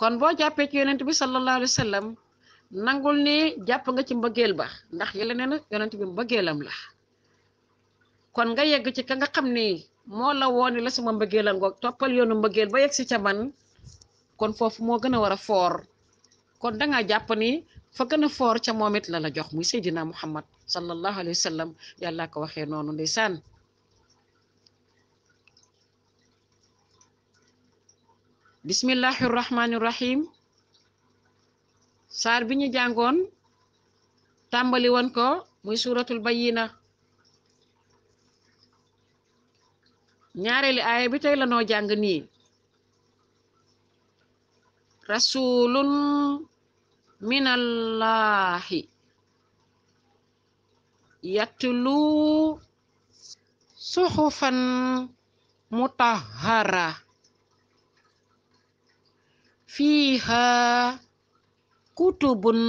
kon boo jàppee ci yonent bi sallallahu alayhi wa sallam nangul ni jàpp nga ci mbëggeel ba ndax yàlla nee na yonent bi mbëggeelam la kon nga yegg ci ka nga xam ni moo la wooni la sama mbëggeel a ngoog toppal yoonu mbëggeel ba yegg si ca man kon foofu moo gën a war a foor kon da ngaa jàpp ni fa na foor ca moom it la la jox muy Seydina Muhammad sallallahu alayhi wa sallam yàlla ko waxee noonu nday ndeysaan bismillahi rahmaani rahim saar bi ñu jàngoon tàmbali ko muy suuratul bayyina ñaareeli aaya bi tey lanoo jàng nii rasulun minallahi yatlu suxufan mutahara fiiha kutubun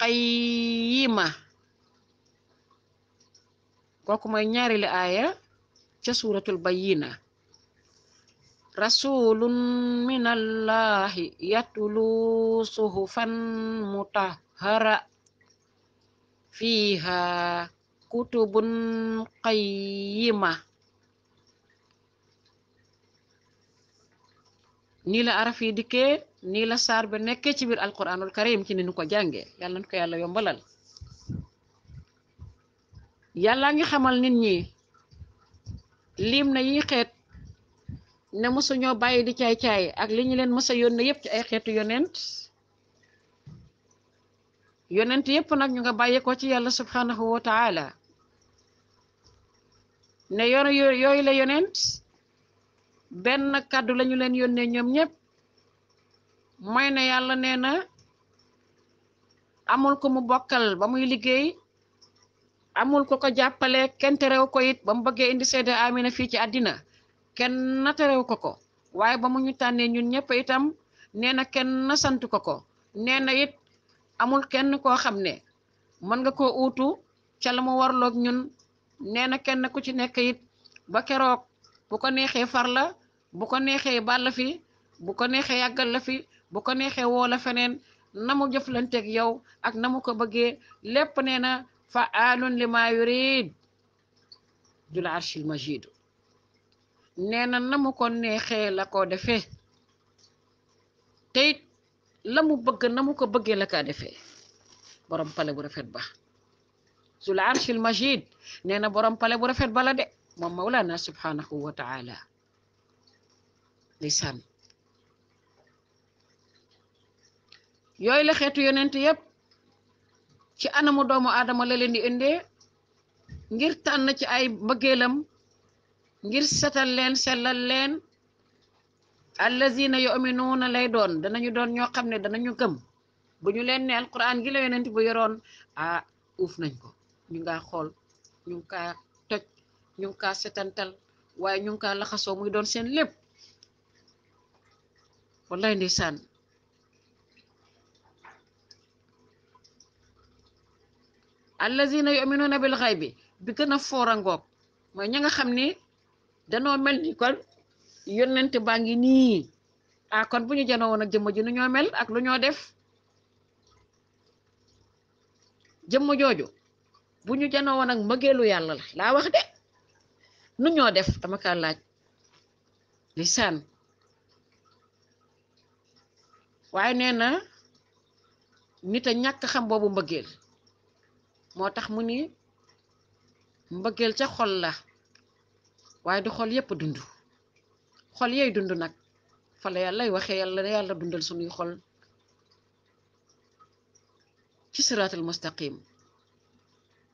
qayyima kooku mooy ñaareelu aaya ca suuratul bayyina rasulun min allahi yatlu suhufan mutahhara fiiha kutubun qayyima nii la araf yi dikkee nii la saar ba nekke ci biir alquranul karim ci ni nu ko jànge yàlla na ko yàlla yombalal yàllaa ngi xamal nit ñi liim na yi xeet ne mosuñoo bàyyi di caay-caay ak li leen mës yoon yónnee yëpp ci ay xeetu yonent yonent yëpp nag ñu nga bàyyi ko ci yàlla subhanahu wa taala ne yoon yooyu la yonent benn kàddu lañu leen yónnee ñoom ñëpp mooy ne yàlla nee na amul ko mu bokkal ba muy liggéey amul ko ko jàppale kenn terew ko it ba mu bëggee indi seede amina fii ci àddina kenn na terew ko ko waaye ba mu ñu tànnee ñun ñëpp itam nee na kenn na ko ko nee na it amul kenn koo xam ne mën nga ko uutu ca la mu warloog ñun nee na kenn ku ci nekk it ba keroog bu ko neexee farla bu ko neexee bàll fi bu ko neexee yàggal la fi bu ko neexee woo feneen na mu jëflanteeg yow ak na mu ko bëggee lépp nee na fa alun li maa yurid jul arshil majid nee na namu ko neexee la ko defee te lamu la mu bëgg na mu ko bëggee la kaa defee borom pale bu rafet ba jul arshil majid nee na borom pale bu rafet ba la de moom mawlaana subhanahu wa taala ndeysaan yooyu la xeetu yonent yëpp ci anamu doomu aadama la leen di indee ngir tànn ci ay bëggeelam ngir setal leen sellal leen allazina na lay doon danañu doon ñoo xam ne danañu gëm bu ñu leen ne alquran gi la yonent bu yoroon a uuf nañ ko ñu ngaa xool ñu ngi kaa ñu ngi kaa setantal waaye ñu ngi kaa laxasoo muy doon seen lépp wallaay ndeysaan allazina yuminuuna bil xay bi bi gën a foora ngoog mooy ña nga xam ni danoo mel ni kon yónnent baa ngi nii akon ah, bu ñu janoo woon ak jëmm ji nu ñoo ak lu ñoo def jëmm jooju bu ñu janoo woon ak mbëggeelu laa wax de nu ñoo def dama kaa laaj lisaan waaye nee na nit a ñàkk xam boobu mbëggeel moo tax mu ni mbëggeel ca xol la waaye du xol yépp dund xol yey dund nag fa la yàllay waxee yàlla na yàlla dundal sunuy xol ci siraatal mustaqim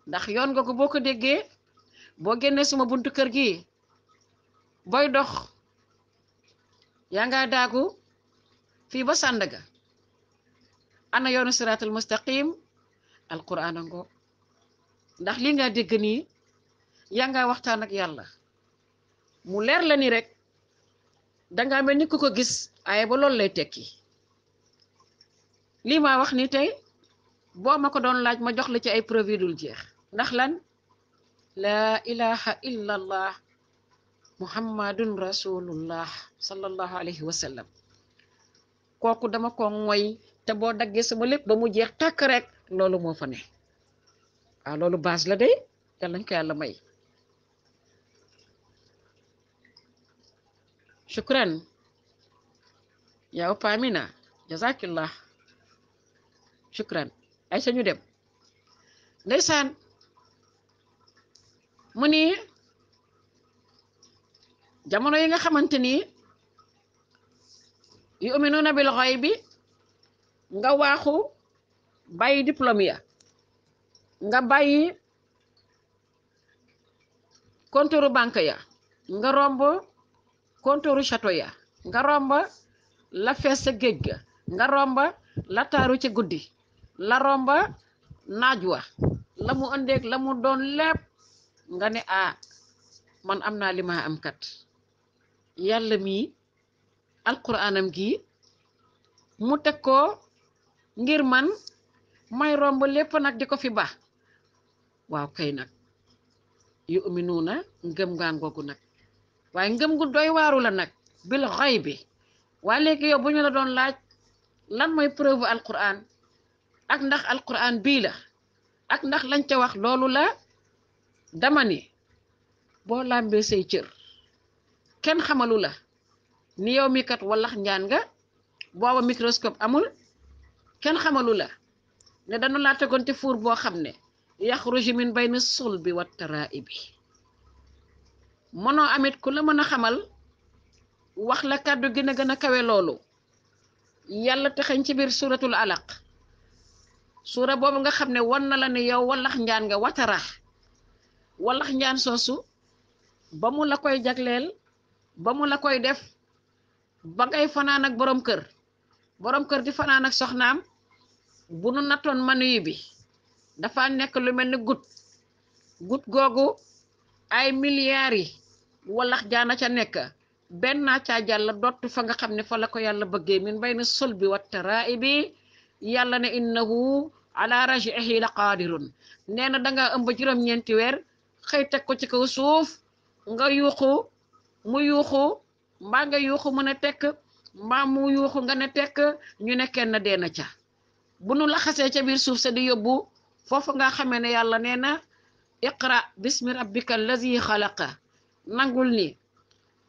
ndax yoon nga ko boo ko déggee boo génnee suma buntu kër gi booy dox yaa ngaa daagu fii ba Sandaga ana yoonu siraatul mustaqim alquran ango ndax li nga dégg nii yaa nga waxtaan ak yàlla mu leer la ni rek danga mel ni ku ko gis ay ba loolu lay tekki lii ma wax ni tey boo ma ko doon laaj ma jox la ci ay preuve dul jeex ndax lan laa ilaha illallah muhammadun rasulullah sallallahu alayhi wa sallam kooku dama ko ngoy te boo daggee sama lépp ba mu jeex tàkk rek loolu moo fa ne waaw loolu base la de yàlla nañ ko yàlla may shukran yow Pamina jazakillah shukran ay sañu dem ndeysaan mu ni jamono yi nga xamante ni yu'minuuna bil bi nga waxu bàyyi diplôme ya nga bàyyi kontoru banque ya nga romb kontoru château ya nga romb la fees sa géej ga nga romb la taaru ci guddi la romb naaj wa la mu ëndeeg la mu doon lépp nga ne a ah, man am naa li am kat yàlla mii alquranam gi mu teg ko ngir man may romb lépp nag di ko fi ba waaw kay nag yu uminuuna ngëm ngaan googu nag waaye ngëm gu doy waaru la nag bil xoy bi waa léegi yow bu ñu doon laaj lan mooy preuve alquran ak ndax alquran bii la ak ndax lañ ca wax loolu la dama ni boo làmbee say cër kenn xamalu la ni yow mi kat wallax njaan nga booba microscope amul kenn xamalu la ne danu laa tegoon ci fuur boo xam ne yaxruju min bayna sulbi wa taraibi mënoo amit ku la mën a xamal wax la kàddu gi na gën a kawe loolu yàlla texeñ ci biir suuratul alaq suura boobu nga xam ne wan na la ne yow wallax njaan nga watara wallax njaan soosu ba mu la koy jagleel ba mu la koy def ba ngay fanaan ak borom kër borom kër di fanaan ak soxnaam bu nu nattoon manuyu bi dafa nekk lu mel ni gut googu ay milliards yi walax jaana ca nekk benn naa caa jàll dott fa nga xam ne fa la ko yàlla bëggee min bay na sol bi wa taraa bi yàlla ne innahu ala rajihi la qaadirun nee na danga ëmb juróom-ñeenti weer xëy teg ko ci kaw suuf nga yuuxu mu yuuxu mbaa nga yuuxu mu ne tekk mbaa yuuxu nga ne tekk ñu ne kenn dee na ca bu nu laxasee ca biir suuf sa di yóbbu foofu nga xamee ne yàlla nee na iqra bismi ka allazi xalaqa nangul ni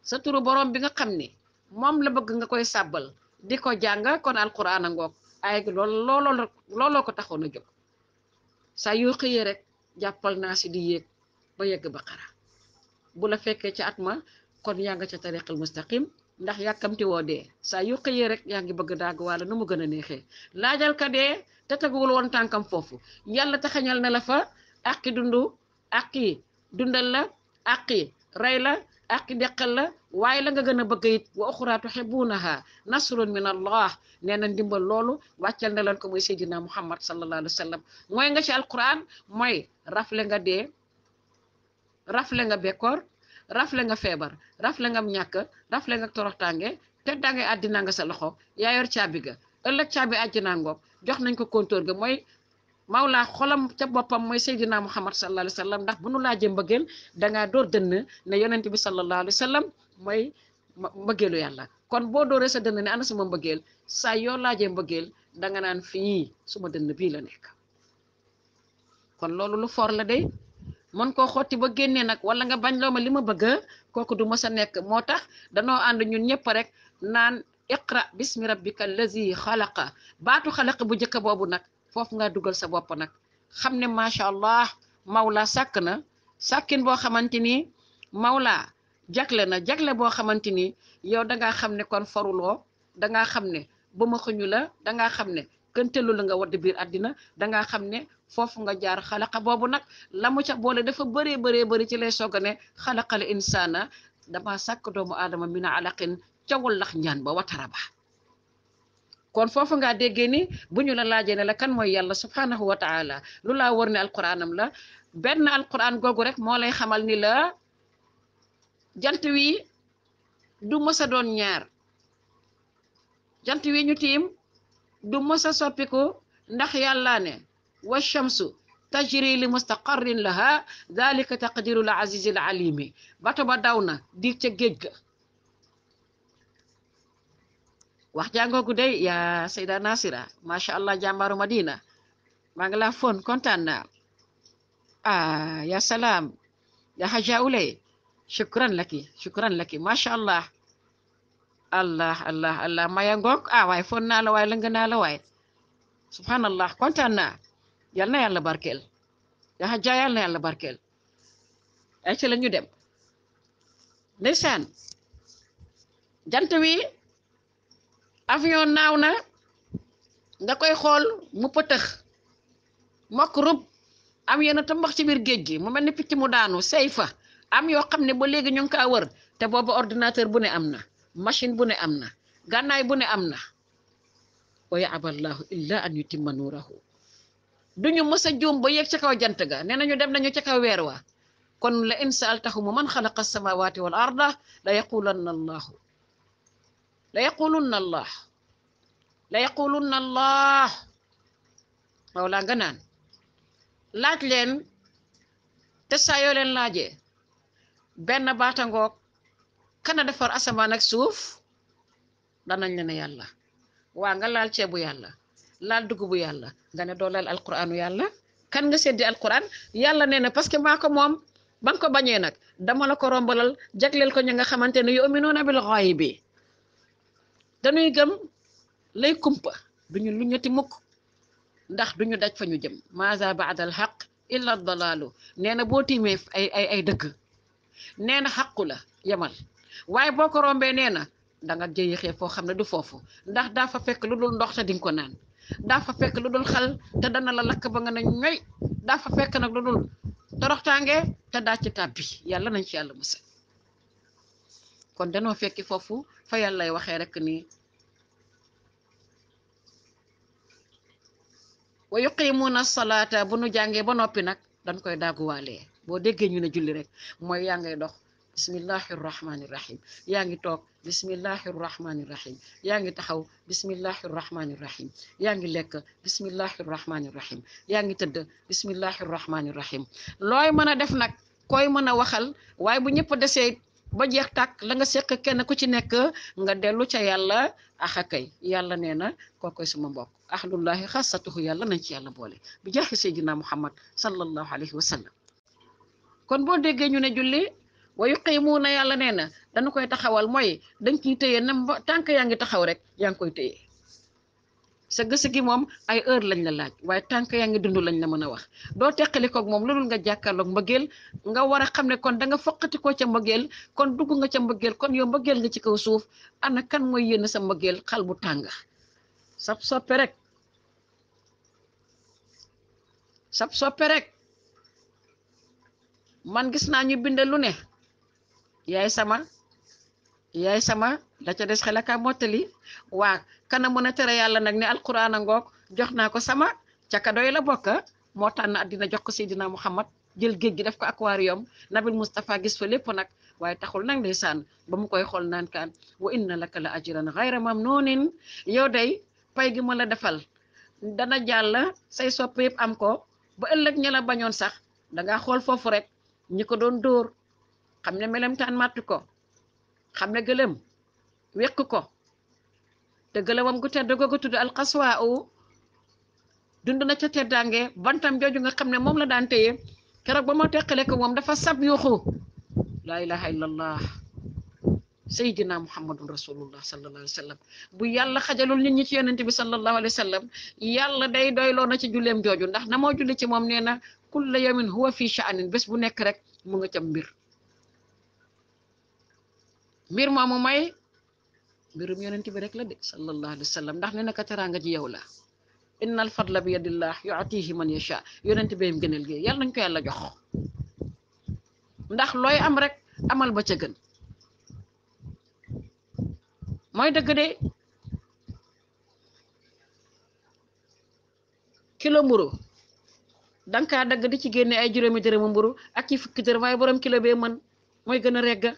sa turu borom bi nga xam ni moom la bëgg nga koy sabal di ko jàng kon alquran a ngoog ay lool looloo looloo ko taxoon a jóg sa yoo xëyee rek jàppal naa si di yéeg ba yegg baqara bu la fekkee ca at ma kon yaa nga ca tariqal mustaqim ndax yàkkamti woo dee saa yu xëyee rek yaa ngi bëgg daagu walla nu mu gën a neexee laajal ka dee te teguwul woon tànkam foofu yàlla taxañal na la fa àqi dundu àqi dundal la àqi rey la àqi deqal la waaye la nga gën a bëgg it wa uxraa tuhibbuunaha nasrun min allah nee na ndimbal loolu wàccal na leen ko mooy seydina muhammad sallallahu alayhi wa sallam mooy nga ci alquran mooy rafle nga dee rafle nga bekkoor rafle nga feebar rafle nga ñàkk rafle nga toroxtaange te dange àddina nga sa loxo yaa yor caabi ga ëllëg caabi àjjana ngoog jox nañ ko kontóor ga mooy Mawla xolam ca boppam mooy Seydina Muhammad sallallahu alayhi wa sallam ndax bu nu laajee mbëggeel dangaa door dënn ne yonent bi sallallahu alayhi wa sallam mooy mbëggeelu yàlla kon boo dooree sa dënn ne ana sama mbëggeel saa yoo laajee mbëggeel danga naan fii suma dënn bii la nekk kon loolu lu for mën koo xotti ba génnee nag wala nga bañ loo ma li ma bëgg kooku du mës a nekk moo tax danoo ànd ñun ñëpp rek naan iqra bismi rabbika allazi xalaqa baatu xalaqa bu njëkk boobu nag foofu nga dugal sa bopp nag xam ne macha allah mawla sàkk na sàkkin boo xamante ni mawla jagle na jagle boo xamante ni yow dangaa xam ne kon faruloo dangaa xam ne ba ma xuñu la dangaa xam ne këntelu la nga wadd biir addina dangaa xam ne foofu nga jaar xalaqa boobu nag la mu ca boole dafa bëree bëree bëri ci lay soog a ne xalaqal insaana dama sàkk doomu aadama min alaqin cawul lax njaan ba watara ba kon foofu nga déggee ni bu ñu la laajee ne la kan mooy yàlla subhanahu wa taala lu laa war ne alquranam la benn alquran googu rek moo lay xamal ni la jant wi du mës doon ñaar jant wi ñu tiim du mos a soppiku ndax yàllaa ne wa shamsu tajri li mustaqarrin laha dalika taqdiru l azizi alimi bato ba daw na di ca géej ga wax jàngoogu nasira macha allah jàmbaaru madina maa ngi laa fon kontaan naa ah ya salaam ya haja ulay shukran laki shukran laki macha allah allah allah allah maya ngoog ah waay fon naa waay lëng naa waay subhanallah kontaan naa yal na yàlla barkeel yaxa jaa yal na yàlla barkeel ay ci la ñu dem ndeysaan jant wi avion naaw na nga koy xool mu pëtëx mokk rub am yenn tambax ci biir géej gi mu mel ni picc mu daanu sey fa am yoo xam ne ba léegi ñu ngi kaa wër te booba ordinateur bu ne am na machine bu ne am na gànnaay bu ne am na wa yaaballaahu illa an yutimma nuurahu duñu mës a juum ba yéeg ca kaw jant ga nee nañu dem nañu ca kaw weer wa kon la in saaltahum man xalaqa samawati wal arda la yaqulanna allahu la yaqulunna allah la yaqulunna allah mawlaa nga naan laaj leen te saa yoo laaje laajee benn baata ngoog kana defar asamaan ak suuf danañ la ne yàlla waa nga laal ceebu yàlla laal dugubu yàlla nga ne doo laal alquraanu yàlla kan nga seddi alquran yàlla nee na parce que maa ko moom ba ko bañee nag dama la ko rombalal jagleel ko ñi nga xamante ne yu'minuuna bil ghaayib bi dañuy gëm lay kumpa duñu lu ñetti ndax duñu daj fa ñu jëm maaza baada al xaq illa dalaalu nee na boo tiimee ay ay ay dëgg nee na xaqu yemal waaye boo ko rombee nee na da nga jëyixee foo xam ne du foofu ndax daa fa fekk lu dul ndox te ding ko naan daa fa fekk lu dul xal te dana la lakk ba nga na ñoy daa fa fekk nag lu dul toroxtaange te daa ci tàbbi yàlla nañ ci yàlla musal kon danoo fekki foofu fa yàlla lay waxee rek ni wa na salaata ba nu jàngee ba noppi nag dañ koy daaguwaalee boo déggee ñu ne julli rek mooy yaa ngay dox bismillahi rahmaani rahim yaa ngi toog bismillahi rahmaani rahim yaa ngi taxaw bismillahi rahmaani rahim yaa ngi lekk bismillahi rahmaani rahim yaa ngi tëdd bismillahi rahmaani rahim looy mën a def nag koy mën a waxal waaye bu ñëpp desee ba jeex tàkk la nga sekk kenn ku ci nekk nga dellu ca yàlla axa kay yàlla nee na kookoy suma mbokk ahlullahi xasatuhu yàlla nañ ci yàlla boole bi jaaxi seydina muhammad sallallahu alayhi wa sallam kon boo déggee ñu ne julli wa na yàlla nee na dañu koy taxawal mooy dañ ciy téye nem ba tànk yaa ngi taxaw rek yaa ngi koy téye sa gëstu gi moom ay heure lañ la laaj waaye tànk yaa ngi dundu lañ la mën a wax doo teqalikoog moom loolu nga jàkkaarloog mbëggeel nga war a xam ne kon danga nga foqati ca mbëggeel kon dugg nga ca mbëggeel kon yow mbëggeel nga ci kaw suuf ana kan mooy yénn sa mbëggeel xal bu tànga sab soppe rek sab soppe rek man gis naa ñu bindal lu ne yaay sama yaay sama da ca des xel aka mottali waa kana mën a tere yàlla nag ne alquran a ngoog jox naa ko sama ca ka doy la bokk moo tànn àddina jox ko Seydina Muhammad jël géej gi def ko aquarium nabil Moustapha gis fa lépp nag waaye taxul nag ndeysaan ba mu koy xool naan kaan wa inna laka la maam xayra mamnuunin yow day pay gi ma la defal dana jàll say sopp yëpp am ko ba ëllëg ña bañoon sax da xool foofu rek ñi doon xam ne melamtaan màtt ko xam ne gëlëm wéq ko te gëlëm gëlëmam gu tedd googu tudd alxaswaa u dund na ca teddaange bantam jooju nga xam ne moom la daan téye keroog ba moo teqale ko moom dafa sab yuuxu laa ilaha illallah sayyidina muhammadun rasulullah sallallahu alayhi wa sallam bu yàlla xajalul nit ñi ci yonente bi sallallahu alayhi wa sallam yàlla day doyloo na ci julleem jooju ndax na moo julli ci moom nee na kulla yawmin huwa fi sha'anin bés bu nekk rek mu nga ca mbir mbir moomu may mbirum yonent bi rek la de sallallahu alayhi wa ndax ne naka teraanga ci yow la innal fadla bi yadillah yu'tihi man yasha yonent bi mu gënal gi yàlla nañ ko yàlla jox ndax looy am rek amal ba ca gën mooy dëgg de kilo mburu danga kaa dagg di ci génne ay juróomi dërëmu mburu ak ci fukki dërëm waaye borom kilo bee mën mooy gën a regga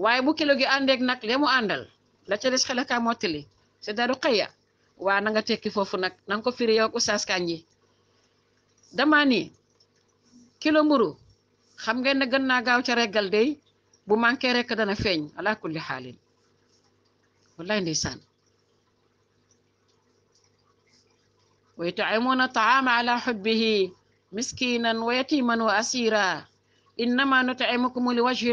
waaye bu kilo gi àndeeg nag le mu la ca des xelaka mottali c'est daru xëya waa na nga tekki foofu nag na ko firi yow ak oustaz Kandji dama ni kilo mburu xam nga ne gën naa gaaw ca reggal day bu manqué rek dana feeñ ala kulli xaalin wallaay ndeysaan wa yutcimuuna taama ala xubbihi miskinan wa yatiman wa asira innama nutcimukum li wajhi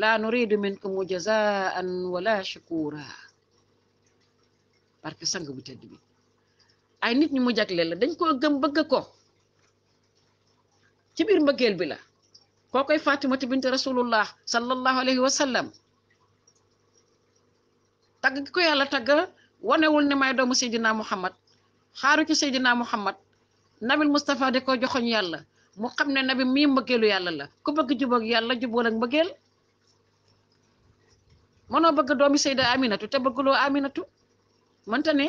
laa nuridu minkum jazaan wala shukura parce que sang bu tëdd bi ay nit ñi mu jagleel la dañ koo gëm bëgg ko ci biir mbëggeel bi la koo koy fatimatu bint rasulullah sallallahu alayhi wa sallam tagg ko yàlla wane wul ne may doomu seydina muhammad xaaru ci seydina muhammad nabil mustapha di ko joxoñ yàlla mu xam ne nabi mii mbëggeelu yàlla la ku bëgg jubóog yàlla jubóol ak mbëggeel mënoo bëgg doomi Seyda Aminatu te bëgguloo Aminatu mënta ne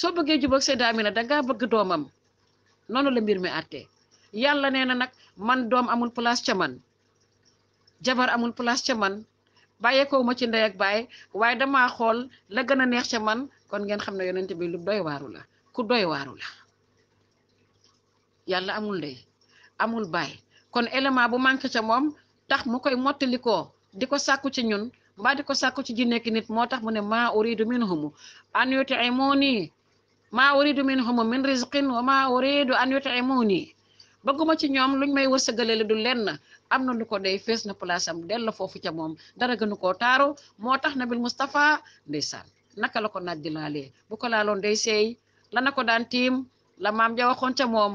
soo bëggee jubóog Seyda Aminatu dangaa bëgg doomam noonu la mbir mi àttee yàlla nee na nag man doom amul place ca man jabar amul place ca man bàyyeekoo ma ci ndey ak baay waaye dama xool la gën a neex ca man kon ngeen xam ne yonent bi lu doy waaru la ku doy waaru la yàlla amul ndey amul baay kon élément bu manqué ca moom tax mu koy mottalikoo di ko sàkku ci ñun mbaa di ko sàkku ci jinne ki nit moo tax mu ne maa uridu minhum an yut'imuni maa uridu minhum min rizqin wa maa uridu an yut'imuni bëgguma ci ñoom luñ may wërsëgale la du lenn am na lu ko day fees na place am dell foofu ca moom dara gënu koo taaru moo tax na nabil Mustapha ndeysaan naka la ko naaj di laalee bu ko laaloon day seey la na ko daan tiim la maam ja ca moom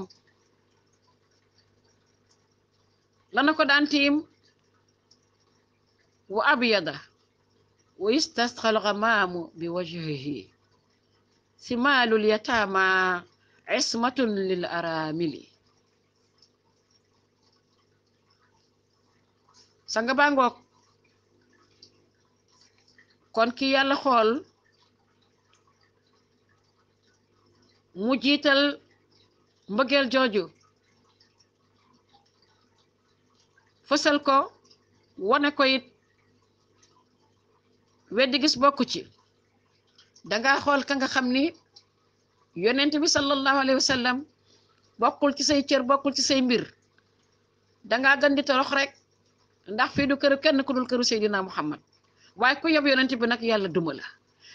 la na ko daan tiim wa abiyada wa yustasqa alxamaamu bi wajhihi simaalul yataama ismatun lil aramili sanga baa ngoog kon ki yàlla xool mu jiital mbëggeel jooju fësal ko wane ko weddi gis bokku ci danga xool ka nga xam ni yonent bi sallallahu alayhi wa sallam bokkul ci say cër bokkul ci say mbir dangaa gan di torox rek ndax fii du këru kenn ku dul këru Seydina Muhammad waaye ku yob yonent bi nag yàlla duma la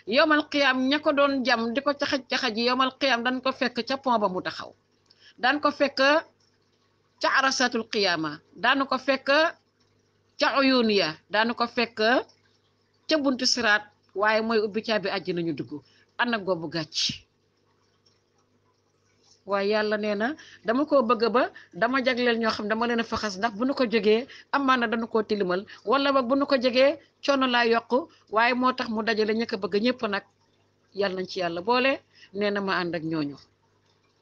yowmal qiyaam ña ko doon jam di ko ca xaj yi yowmal dañ ko fekk ca pont ba mu taxaw daan ko fekk ca arasatul qiyaama daanu ko fekk ca uyuun ya daanu ko fekk ca buntu siraat waaye mooy ubbi caabi àjjana ñu dugg ana goobu gàcc waaye yàlla nee na dama ko bëgg ba dama jagleel ñoo xam dama leen a faxas ndax bu nu ko jógee amaana dañu koo tilimal wala ba bu nu ko jógee coono laa yokk waaye moo tax mu dajale ña ko bëgg ñëpp nag yàlla nañ ci yàlla boole nee na ma ànd ak ñooñu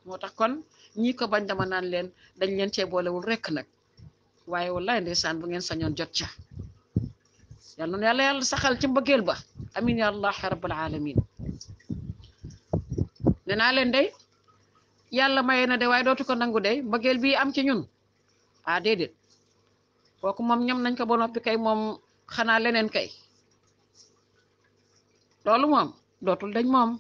moo tax kon ñii ko bañ dama naan leen dañ leen cee boolewul rekk nag waaye wallaay ndeysaan bu ngeen sañoon jot ca yal na yàlla yàlla saxal ci mbëggeel ba amin ya allah rabbal alamin ne leen day yàlla maye na de waaye dootu ko nangu day mbëggeel bi am ci ñun ah déedéet kooku moom ñam nañ ko ba kay moom xanaa leneen kay loolu moom dootul dañ moom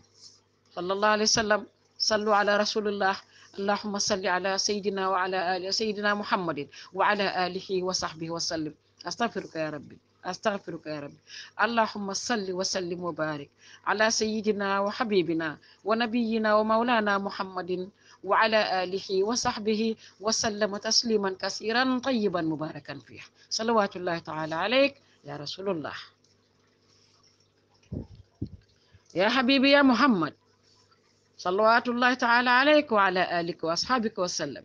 sallallahu alayhi wa sallam sallu ala rasulillah allahumma salli ala sayidina wa muhammadin wa ala alihi wa sahbihi wa sallim astaghfiruka rabbi astaghfiruka ya rabbi allahumma salli wa sallim wa barik ala sayyidina wa habibina wa nabiyyina wa maulana muhammadin wa ala alihi wa sahbihi wa sallama tasliman kasiran tayyiban mubarakan fih salawatullahi taala alayk ya rasulullah ya habibi ya muhammad salawatullahi taala alayk wa ala alika wa ashabika wa sallam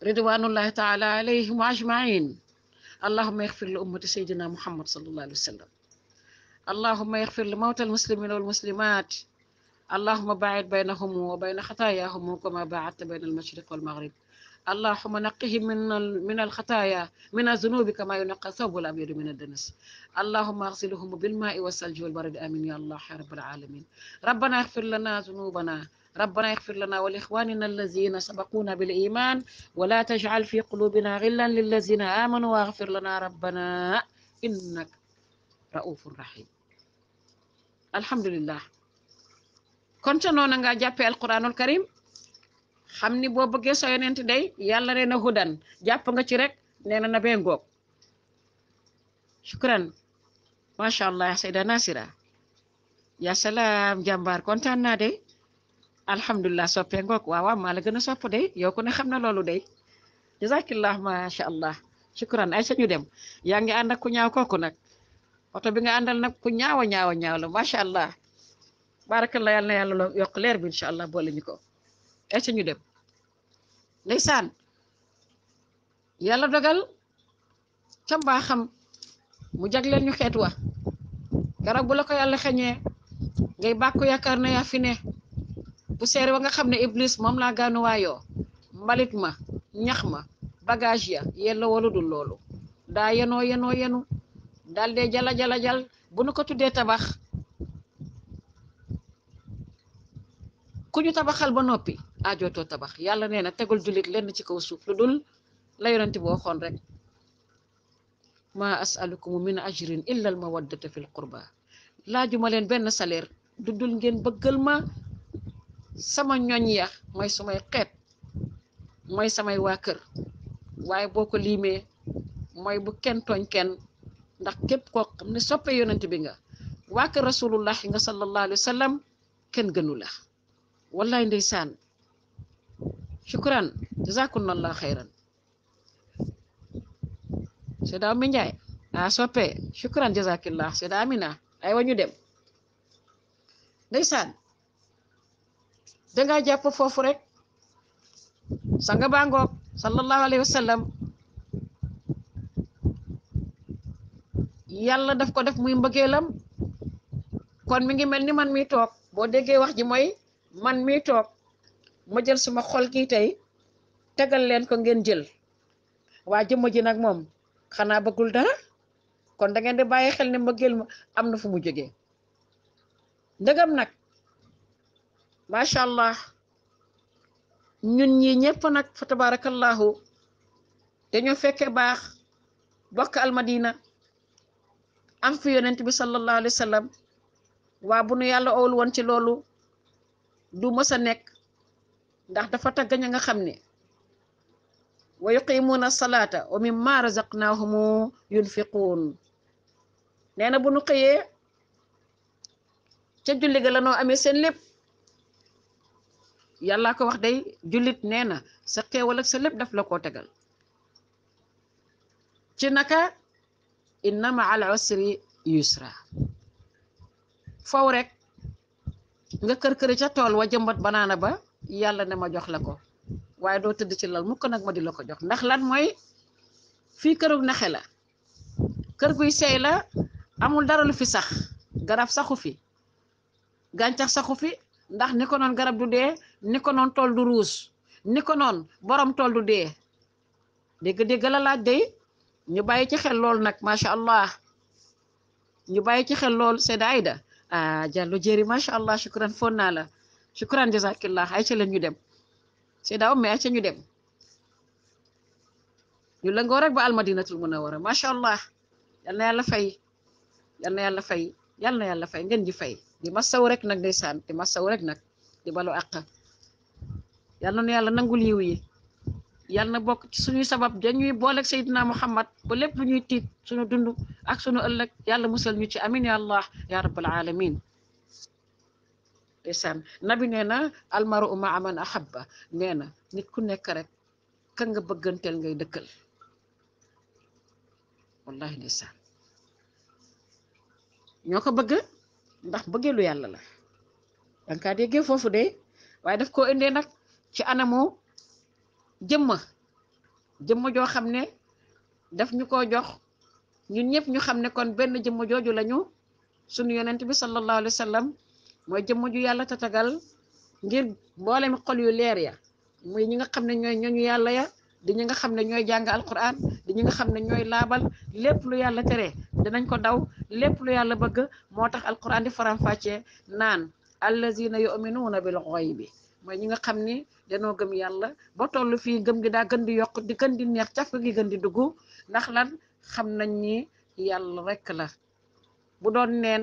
ridwanullahi taala alayhim ajmain allahuma yaxfir li ummati sayyidina muhammad sallallahu alayhi wa sallam allahuma yaxfir li mawta al muslimina wal muslimat allahuma baid baynahum wa bayna xataayahum kama baadta bayna al mashriq wal maghrib allahuma naqihim min al xataaya min azunubi kama yunaqa thawbul abyadu min addanas allahuma axsiluhum bilmaai wasalji walbaradi amin ya allah ya rabbal alamin rabbana yaxfir lana zunubana ربنا يغفر لنا ولإخواننا الذين سبقونا بالإيمان ولا تجعل في قلوبنا غلا للذين آمنوا واغفر لنا ربنا إنك رؤوف رحيم الحمد لله kon ca noona nga jàppee xam ni boo bëggee sa yonent day yàlla nee na hudan jàpp nga ci rek nee bee ngoog shukran macha allah sayda nasira ya salaam jàmbaar kontaan naa alhamdulilah soppee ngoog waaw maa gën a sopp day yow ku ne xam na loolu day jazakillah macha allah shukran ay sañu dem yaa ngi ànd ak ku ñaaw kooku nag oto bi nga àndal nag ku ñaaw a ñaaw a ñaaw la macha allah barakallah yal na yàlla yokk leer bi incha allah boole ñu ko ay sañu dem ndeysaan yàlla dogal ca mbaaxam mu jagleel ñu xeet wa garab bu la ko yàlla xeñee ngay bàkku yaakaar na yaa poussière ba nga xam ne iblis moom laa gaanuwaayoo mbalit ma ñax ma bagage ya yella wala dul loolu daa yenoo yenoo yenu daal dee jala jala jal bu nu ko tuddee tabax ku ñu tabaxal ba noppi ajootoo tabax yàlla nee na tegul jullit lenn ci kaw suuf lu dul la yonent boo xoon rek maa asalukum min ajrin illa al mawaddata fi l qurba laaju ma leen benn salaire dul ngeen bëggal ma sama ñooñ ya mooy sumay xeet mooy samay waa kër waaye boo ko liimee mooy bu kenn tooñ kenn ndax képp koo xam ne soppe yonent bi nga waa kër rasulullah nga sallallahu alayhi wa sallam kenn gënu la wallaay ndeysaan shukran jazakumullah xayran seda mi njaay a ah, soppe shukran jazakillah seda ay wañu dem ndeysaan dangaa jàpp foofu rek sanga baa ngoog sallallahu alayhi wa sallam yàlla daf ko def muy mbëggeelam kon mi ngi mel ni man mi toog boo déggee wax ji mooy man mi toog ma jël suma xool kii tey tegal leen ko ngeen jël waa jëmm ji nag moom xanaa bëggul dara kon da ngeen di bàyyi xel ne mbëggeel ma am na fu mu jógee ndëgam nag macha allah ñun ñi ñëpp nag fa tabarakallahu dañoo fekke baax bokk almadina am fi yonent bi sallallahu alayhi wa waa bu nu yàlla owul woon ci loolu du mës a nekk ndax dafa tagg ña nga xam ni ne wa yuqimuuna salaata wa mimma razaqnaahumu yunfiquun nee na bu nu xëyee ca julli ga la noo amee seen lépp yàllaa ko wax day julit nee na sa xéewal sa lëb daf la koo tegal ci naka inna ma al usri yusra faw rek nga kër kër ca tool wa jëmbat banaana ba yàlla ne ma jox la ko waaye doo tëdd ci lal mukk nag ma di la ko jox ndax lan mooy fii kërug naxe la kër guy seey la amul dara lu fi sax garab saxu fi gàncax saxu fi ndax ni ko noon garab du dee ni ko noon tool du ruus ni ko noon boroom tool du dee dégg-dégg la laaj day ñu bàyyi ci xel lool nag macha allah ñu bàyyi ci xel lool Seyda a ah Diallo jëri macha allah shukran foon naa la shukran jazakillah ay ca la ñu dem Seyda Oumé ay ca ñu dem ñu lëngoo rek ba almadinatul munawwara macha allah yal na yàlla fay yal na yàlla fay yal na yàlla fay ngeen ji fay di ma saw rek nag ndeysaan di ma saw rek nag di balu àq yàlla na yàlla nangul yiw yi yàlla na bokk ci suñuy sabab dañuy booleeg Seydina Muhammad ba lépp lu ñuy tiit suñu dund ak suñu ëllëg yàlla musal ñu ci amin ya allah ya rabbal alamin ndeysaan nabi nee almaru uma aman ahabba nee na nit ku nekk rek ka nga bëgganteel ngay dëkkal wallahi ndeysaan ñoo ko bëgg ndax bëggee yàlla la danga kaa déggee foofu de waaye daf koo indee nag ci anamu jëmma jëmma joo xam ne daf ñu ko jox ñun ñëpp ñu xam ne kon benn jëmma jooju lañu sunu yonent bi sallallahu alayhi wa mooy jëmma ju yàlla tatagal ngir mboolem xol yu leer ya mooy ñi nga xam ne ñooy ñooñu yàlla ya di ñi nga xam ne ñooy jàng alquran di ñi nga xam ne ñooy laabal lépp lu yàlla tere danañ ko daw lépp lu yàlla bëgg moo tax alquran di faram-fàccee naan allazina yuminuuna bil bi mooy ñi nga xam ni danoo gëm yàlla boo toll fii gëm gi daa gën di yokk di gën di neex caf gi gën di dugg ndax lan xam nañ ni yàlla rekk la bu doon neen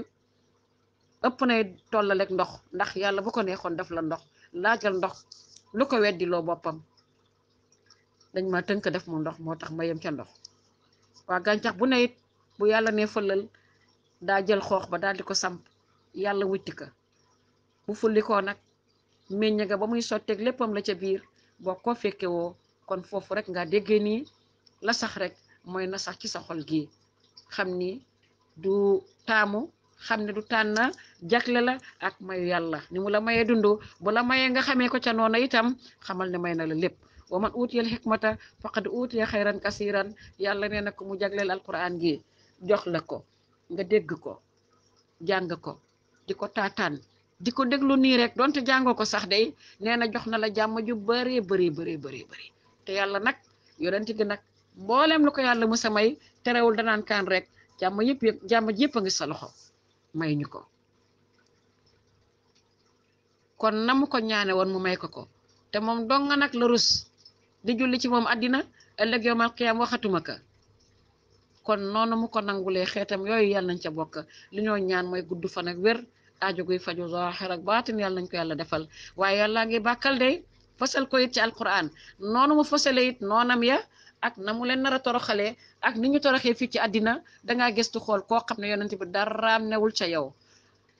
ëpp nay tollaleeg ndox ndax yàlla bu ko neexoon daf la ndox laajal ndox lu ko weddi loo boppam dañ ma tënk def mu ndox moo tax ma yem ca ndox waa gàncax bu ne bu yàlla ne fëlal daa jël xoox ba daal di ko samp yàlla wutti ka bu fullikoo nag meññ ga ba muy sotteeg léppam la ca biir boo ko fekke woo kon foofu rek nga déggee nii la sax rek mooy na sax ci sa xol gi xam ni du taamu xam ne du tànn jagle la ak mayu yàlla ni mu la mayee dund bu la mayee nga xamee ko ca noona itam xamal ne may na la lépp wa man uutiyal xikmata faqad uutiya xayran kasiran yàlla nee na ko mu jagleel alquran gi jox la ko nga dégg ko jàng ko di ko di ko déglu nii rek donte jàngoo ko sax day nee na jox na la jàmm ju bëree bëree bari bëree bëri te yàlla nag yonent gi nag mboolem lu ko yàlla musa may terewul danaan kaan rek jàmm yëpp yëpp jàmm yëpp a ngi sa loxo may ñu ko kon namu ko ñaane woon mu may ko ko te moom dong nag la rus di julli ci moom àddina ëllëg yowmal qiyaam waxatuma ka kon noonu mu ko nangulee xeetam yooyu yàlla nañ ca bokk li ñoo ñaan mooy gudd fanak ak wér aajo guy faju zaahir ak baatin yàlla nañ ko yàlla defal waaye yàllaa ngi bàkkal de fasal ko it ci alquran noonu mu fasale it noonam ya ak na mu leen nar a toroxalee ak ni ñu toroxee fii ci àddina dangaa gëstu xool koo xam ne yonent bi dara newul ca yow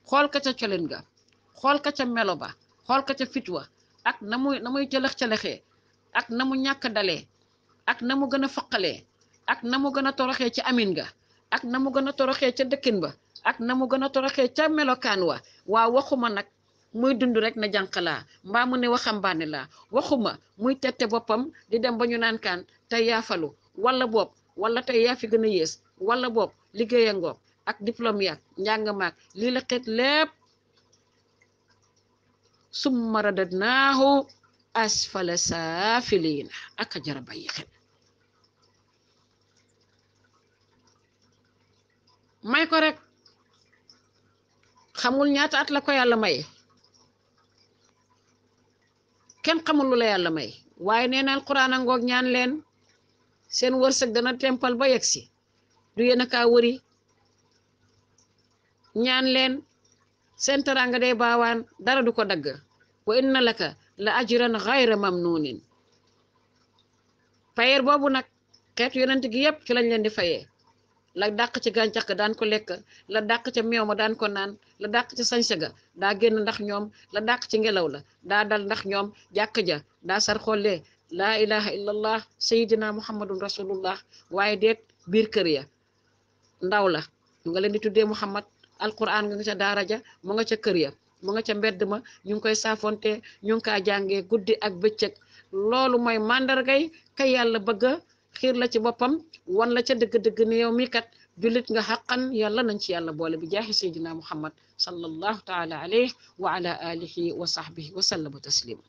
xool ka ca colin ga xool ka ca melo ba xool ka ca fitwa ak na muy na muy cëlëx-cëlëxee ak na mu ñàkk dalee ak na mu gën a faqalee ak na mu gën a toroxee ci amin ga ak na mu gën a toroxee ca dëkkin ba ak na mu gën a toroxee ca melokaan wa waa waxuma nag muy dund rek na jànq laa mbaa mu ne waxambaane la waxuma muy tette boppam di dem ba ñu naan kaan tey yaafalu wala bopp wala tey yaa fi gën a yées wala bopp liggéeya ngoog ak diplôme yaag njàng maag lii la xeet lépp summa radadnaahu asfala saafiliina ak a jara bàyyi xel may ko rek xamul ñaata at la ko yàlla may kenn xamul lu la yàlla may waaye nee na alquran a ngoog ñaan leen seen wërsëg dana tempal ba yegg si du yéen a kaa wëri ñaan leen seen teraanga day baawaan dara du ko dagg wa inna laka la ajran xayra mamnuunin payeer boobu nag xeetu yonent gi yëpp ci lañ leen di fayee la dàq ci gàncax ga daan ko lekk la dàq ca meew ma daan ko naan la dàq ca sañse ga daa génn ndax ñoom la dàq ci ngelaw la daa dal ndax ñoom jàkk ja daa sar xollee laa ilaha illallah sayidina muhammadun rasulullah waaye deet biir kër ya ndaw la ñu nga leen di tuddee muhammad alquran nga ca daara ja mu nga ca kër ya mu nga ca mbedd ma ñu ngi koy saafonte ñu ngi kaa jàngee guddi ak bëccëg loolu mooy màndargay kay yàlla bëgg xiir la ci boppam wan la ca dëgg-dëgg ne yow mii kat jullit nga xaqan yàlla nañ ci yàlla boole bi jaaxi saydina muhammad sallallahu taala alayhi wa ala alihi wa sahbihi wa sallama taslima